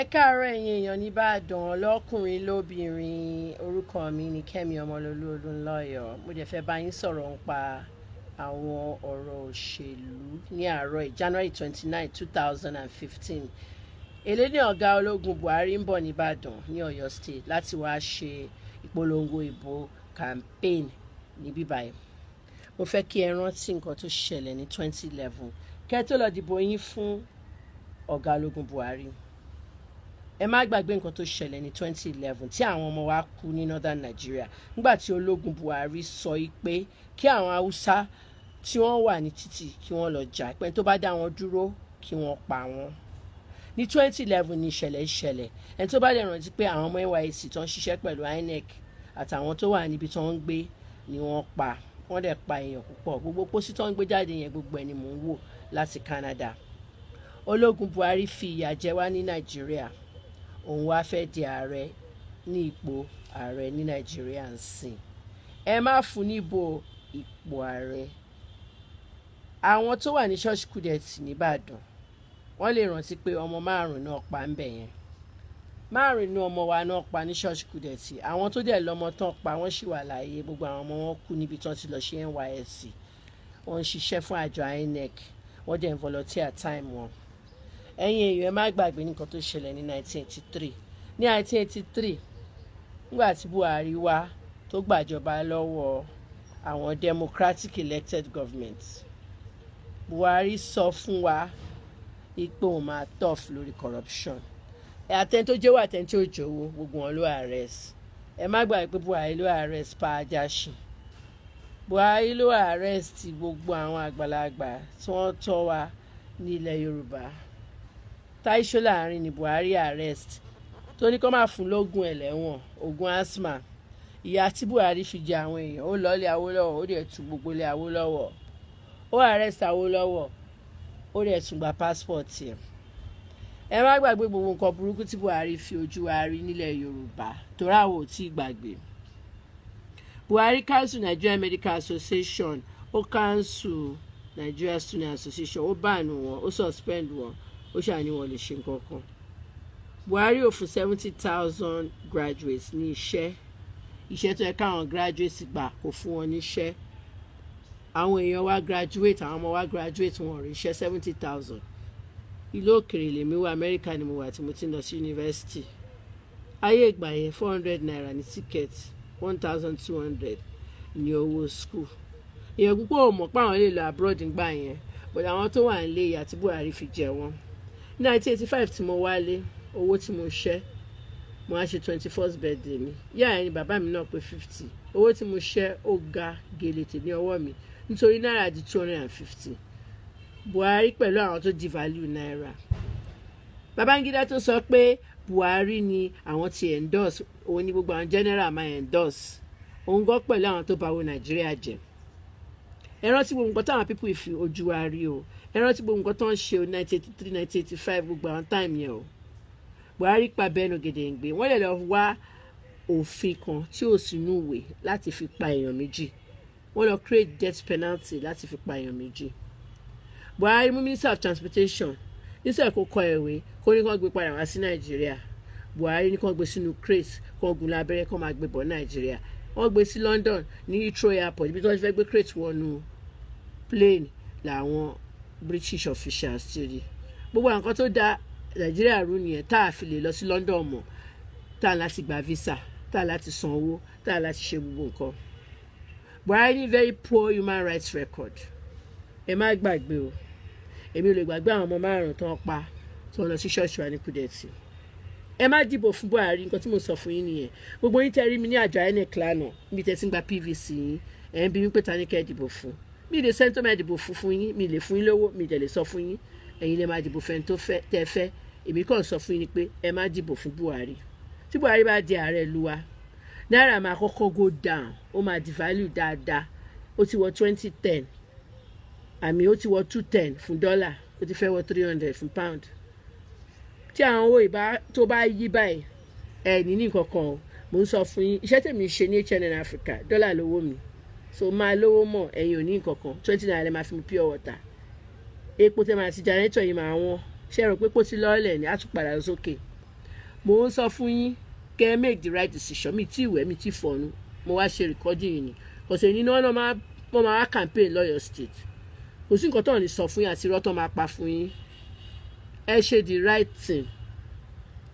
ẹ káàárọ̀ ẹ̀yin èèyàn nìbàdàn lọ́kùnrin lóbìnrin orúkọ mi ni kẹ́mi ọmọlólú olúńlọ́yọ̀ mo dẹ̀ fẹ́ bá yín sọ̀rọ̀ nípa àwọn ọ̀rọ̀ òṣèlú ní àárọ̀ january twenty nine two thousand and fifteen èlé ní ọ̀gá ológun buhari ń bọ̀ nìbàdàn ní ọ̀yọ́ state láti wáá ṣe ìpolongo ìbò campaign ní bíbáyìí mo fẹ́ kí ẹ rántí nǹkan tó ṣẹlẹ̀ ní twenty eleven kẹ́ tó lọ dìbò yín fún ọ̀gá ológun buhari ẹ má gbàgbé nǹkan tó ṣẹlẹ̀ ní 2011 tí àwọn ọmọ wa kú ní northern Nigeria nígbà tí ológun Buhari sọ pé kí àwọn haúsá tí wọ́n wà ní títì kí wọ́n lọ jà pé tó bá dá wọn dúró kí wọ́n pa wọ́n ní 2011 ní ìṣẹ̀lẹ̀ ìṣẹ̀lẹ̀ ẹni tó bá dẹ̀ rántí pé àwọn ọmọ NYSC tó ń ṣiṣẹ́ pẹ̀lú INEC àtàwọn tó wà níbi tó ń gbé ni wọ́n pa wọ́n dẹ̀ pa èèyàn púpọ̀ gbogbo pósí tó ń gbé jáde yẹn gbogbo ẹ̀ ni mò ń wò láti Canada ológun Buhari fi ìyà jẹ wá ní Nàìjíríà òun wá fẹ́ di ààrẹ ní ipò ààrẹ ní nàìjíríà ń sìn ẹ má fún níbo ipò ààrẹ àwọn tó wà ní church kudet nìbàdàn wọ́n lè rántí pé ọmọ márùn náà pa ń bẹ yẹn márùn ní ọmọ wa náà pa ní church kudet àwọn tó dẹ̀ lọ́mọ tán pa wọ́n sì wà láàyè gbogbo àwọn ọmọ wọn kú níbi tán ti lọ ṣe nysc wọ́n ń ṣiṣẹ́ fún àjọ inec wọ́n dẹ̀ ń volunteer time wọn ẹ̀yin èèyàn ẹ má gbàgbé nǹkan tó ṣẹlẹ̀ ní 1983 ní 1983 nígbà tí Buhari wá tó gbàjọba lọ́wọ́ àwọn democratic elected government Buhari sọ fún wa ipò òun máa tough lórí corruption àtẹni tó jẹ́wọ́ àtẹni tí ò jọ̀wọ́ gbogbo wọn ló arrest ẹ má gbàgbé pé Buhari ló arrest Pa Ajáṣin Buhari ló arrest gbogbo àwọn àgbàlagbà tí wọ́n tọ́ wa nílẹ̀ Yorùbá táìṣó láàrin ní buhari arrest tó ní kó máa fún lóògùn ẹlẹ́wọ̀n oògùn asthma ìyá tí buhari fi jẹ àwọn èèyàn ó lọ́ọ́lẹ̀ awólọ́wọ̀ ó dẹ̀ tu gbogbo lẹ̀ awólọ́wọ̀ ó arrest awólọ́wọ̀ ó dẹ̀ tún gba passport ẹ̀ ẹ má gbàgbé gbogbo nǹkan burúkú tí buhari fi ojú wa rí nílẹ̀ yorùbá torí àwọn ò tí ì gbàgbé buhari council nigeria medical association ó council nigeria student association ó báànù wọn ó suspend wọn ó ṣàní wọn lè ṣe nǹkan kan buhari ò fún seventy thousand graduates ní iṣẹ́ iṣẹ́ tó yẹ káwọn graduates gbà kò fún wọn níṣẹ́ àwọn èèyàn wa graduate àwọn ọmọ wa graduate wọn rí iṣẹ́ seventy thousand ìlú òkèèrè lèmi wá amẹ́ríkà ni mo wà tí mo ti lọ sí yunifásitì ayé ìgbà yẹn four hundred naira ní tíkẹ́ẹ̀tì one thousand two hundred ní owó school èèyàn púpọ̀ ò mọ̀ pé àwọn lè lọ abroad ńgbà yẹn bọ̀dọ̀ àwọn tó wà ń lé ìyà buhari fi jẹ wọ́n ní nineteen eighty five tí mo wálé owó tí mo ṣẹ́ mo á ṣe twenty first birthday mi yá ẹni bàbá mi náà pé fifty owó tí mo ṣẹ́ ó ga gèlètè ní ọwọ́ mi nítorí náírà di two hundred and fifty Buhari pẹ̀lú àwọn tó devalue náírà Babangida tó sọ pé Buhari ni àwọn ti endorse òun ni gbogbo àwọn general máa endorse òun gọ́ pẹ̀lú àwọn tó bá wo Nàìjíríà jẹ́ ẹ rántí gbogbo nǹkan táwọn pípọ̀ ìfi ojú wa rí o ẹ rántí gbogbo nǹkan tó ń ṣe o nineteen eighty three nineteen eighty five gbogbo àwọn táìmù yẹn o Buhari pa bẹ́ẹ̀nù gèdèǹgbè wọ́n lè lọ wá òfin kan tí ò sínú ìwé láti fi pa èèyàn méjì wọ́n lọ create death penalty láti fi pa èèyàn méjì Buhari mú minister of transportation nísẹ̀ kó kọ ẹ̀wé kó ní kán gbé padà wá sí Nàìjíríà Buhari ní kán gbé sínú crate kán gun lábẹ́rẹ́ kán máa gbé bọ̀ Nàìjíríà wọ́n gbé sí London ní Heathrow airport ibi tí wọ́n ti fẹ́ gbé crate wọnú plane làwọn british officials ti rí gbogbo nǹkan tó da nàìjíríà rú nìyẹn tá a fi lè lọ sí london mọ́ tá a láti gba visa tá a láti san owó tá a láti ṣe gbogbo nǹkan buhari ní very poor human rights record ẹ má gbàgbé o èmi ò lè gbàgbé àwọn ọmọ márùn tán pa tó lọ sí ṣọ́ọ̀ṣì wa ní kúdẹ̀tì ẹ má dìbò fún buhari nǹkan tí mo sọ fún yín nìyẹn gbogbo yín tẹ́ rí mi ní àjọ inec lánàá níbi tẹ́ ti ń gba pvc yín ẹ̀ ń bí wípé ta ní kẹ́ ẹ dìbò fún mi lè sẹ́ni tó máa dìbò fún fún yín mi lè fún yín lówó mi dẹ̀ lè sọ fún yín ẹ̀yin lè máa dìbò fẹ́ni tó fẹ́ tẹ́ fẹ́ èmi kàn sọ fún yín ni pé ẹ má dìbò fún Buhari tí Buhari bá di ààrẹ ìlú wa náírà máa kọ́kọ́ go down ó máa devalue dáadáa ó ti wọ twenty ten àmì ó ti wọ two ten fún dọ́là ó ti fẹ́ wọ three hundred fún pound tí àwọn owó ìbá tó bá yí báyìí ẹ̀ ní nìkankan o mò ń sọ fún yín iṣẹ́ tèmi ṣe ní HNN Africa dọ́là lówó mi so máa lówó mọ̀ ẹ̀yin ò ní nǹkankan twenty naira lè máa fi mu pure water epo tẹ́ máa ti jẹnẹrétọ̀ yìí máa wọ́n ṣe rò pé kó ti lọ́ọ̀lẹ̀ ní àtúpadà sókè mò ń sọ fún yín kẹ́ ẹ make the right decision mi tí ìwẹ́ mi tí fọ̀nù mo wá ṣe recording. yìí ni kòsè ní náà wọ́n máa wá campaign lọ́yọ̀ state kò sí nǹkan tó ń sọ fún yín àti irọ́ tó máa pa fún yín ẹ ṣe the right thing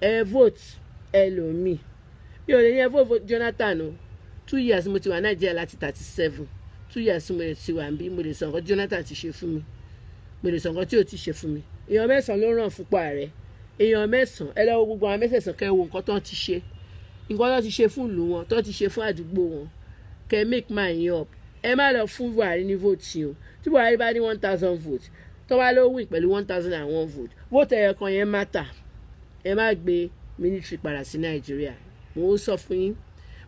ẹ vote ẹ lò mí mi ò lè ní ẹ vote Jonathan o. No two years mo ti wà nàìjíríà láti thirty seven two years mo ti wà níbí mo lè sọ nǹkan tí Jonathan ti ṣe fún mi mo lè sọ nǹkan tí ò ti ṣe fún mi èèyàn mẹ́sàn-án ló ràn fúnpa rẹ̀ èèyàn mẹ́sàn-án ẹ lọ́wọ́ gbogbo àwọn mẹ́sàn-án kẹ́ wo nǹkan tó ti ṣe nǹkan tó ti ṣe fún ìlú wọn tó ti ṣe fún àdúgbò wọn kẹ́ make my up ẹ má lọ fún Buhari ní vote yìí o tí Buhari bá ní one thousand vote tó bá ló win pẹ̀lú one thousand and one vote vote ẹ̀yọ kan yẹn má tà ẹ má gbé military padà sí Nàìjíríà mo ń sọ fún yín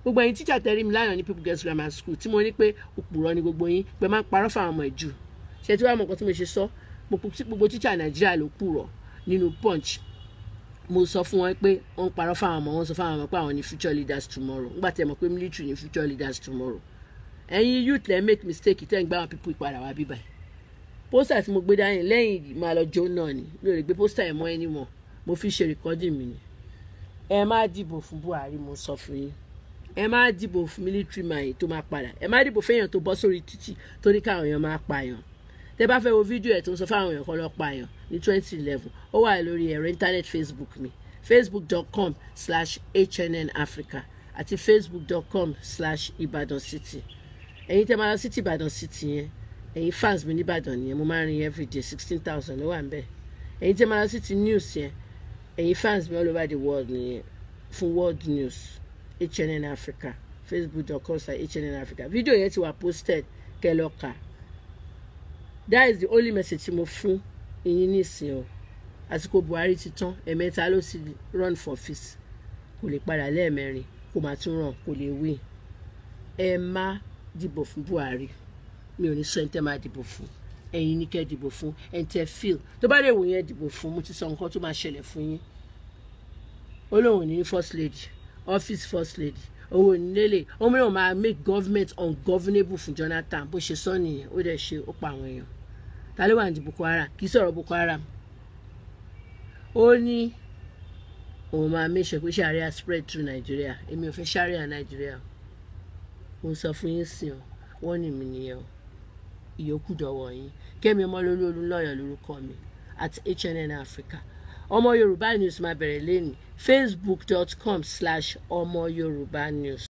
gbogbo ẹ̀yin tíjà tẹrí mi lánàá ní people get grammar school tí mo ní pé òpùrọ̀ ni gbogbo yín pé máa ń parọ́ fáwọn ọmọ ẹ̀ jù ṣe tí wàá mọ̀ nǹkan tí mo ṣe sọ gbogbo tíjà nàìjíríà ló pùrọ̀ nínú punch mo sọ fún wọn pé wọ́n ń parọ́ fáwọn ọmọ wọn sọ fáwọn ọmọ pé àwọn ni future leaders tomorrow ńgbà tẹ́ mọ̀ pé military ni future leaders tomorrow ẹ̀yin youth lẹ make mistake tẹ́ ń gbá àwọn people ìpadà wá bíbá yìí pósítà tí mo gbé dání lẹ́yìn máa lọ jó náà ni mi ò lè gbé pósítà ẹ̀ mọ́ ẹni mọ́ mo fi ṣe rìkọ́dì mi ni ẹ má dìbò fún Buhari mo sọ fún yín ẹ má dìbò military man tó máa padà ẹ má dìbò fẹ́yàn tó bọ́ sórí títì tó ní káwọn èèyàn máa pààyàn tẹ bá fẹ́ wo fídíò ẹ̀ tó ń sọ fáwọn èèyàn kan lọ pààyàn ní twenty eleven ó wà lórí ẹ̀rọ internet facebook mi facebook.com slash hnnafrica àti facebook.com slash ibadan city ẹ̀yin tẹ́ máa lọ city ibadan city yẹn ẹ̀yin fans mi nìbàdàn nìyẹn mo máa ń rin everyday sixteen thousand ló wà ń bẹ̀ ẹ̀yin tẹ́ máa lọ city news yẹn ẹ̀yin fans mi all over the world nìyẹn fún world news hnn africa facebook.com slash hnn africa video yẹn ti wà posted kẹlọka that is the only message tí mo fún ìyín nísìnyí o àsìkò buhari ti tán ẹ̀mẹ́ta ló ti run for office kò lè padà lẹ́ẹ̀mẹ́rin kò má tún ràn kò lè win ẹ má dìbò fún buhari mi ò ní sọ ẹni tẹ́ máa dìbò fún ẹ̀yin ní kẹ́ dìbò fún ẹni tẹ́ feel tó bá lè wò yẹn dìbò fún mo ti sọ nǹkan tó máa ṣẹlẹ̀ fún yín ó ní first lady office first lady owó nílé ó mìíràn máa make government ungovernable fún Jonathan bó ṣe sọ nìyẹn ó dẹ̀ ṣe ó pa àwọn èèyàn ta ló wà ní Boko Haram kì í sọ̀rọ̀ Boko Haram ó ní òun máa make sure pé sharia spread through Nigeria èmi ò fẹ́ sharia Nigeria mo sọ fún yín sìn ọ́ wọ́n ní mi nìyẹn o ìyókù dọ̀wọ́ yín Kẹ́mi Ọmọlólú Olúnlọ́yọ̀ lórúkọ mi at HNN Africa ọmọ yorùbá news máa bẹ̀rẹ̀ lẹ́nìí facebook slash ọmọ yorùbá news.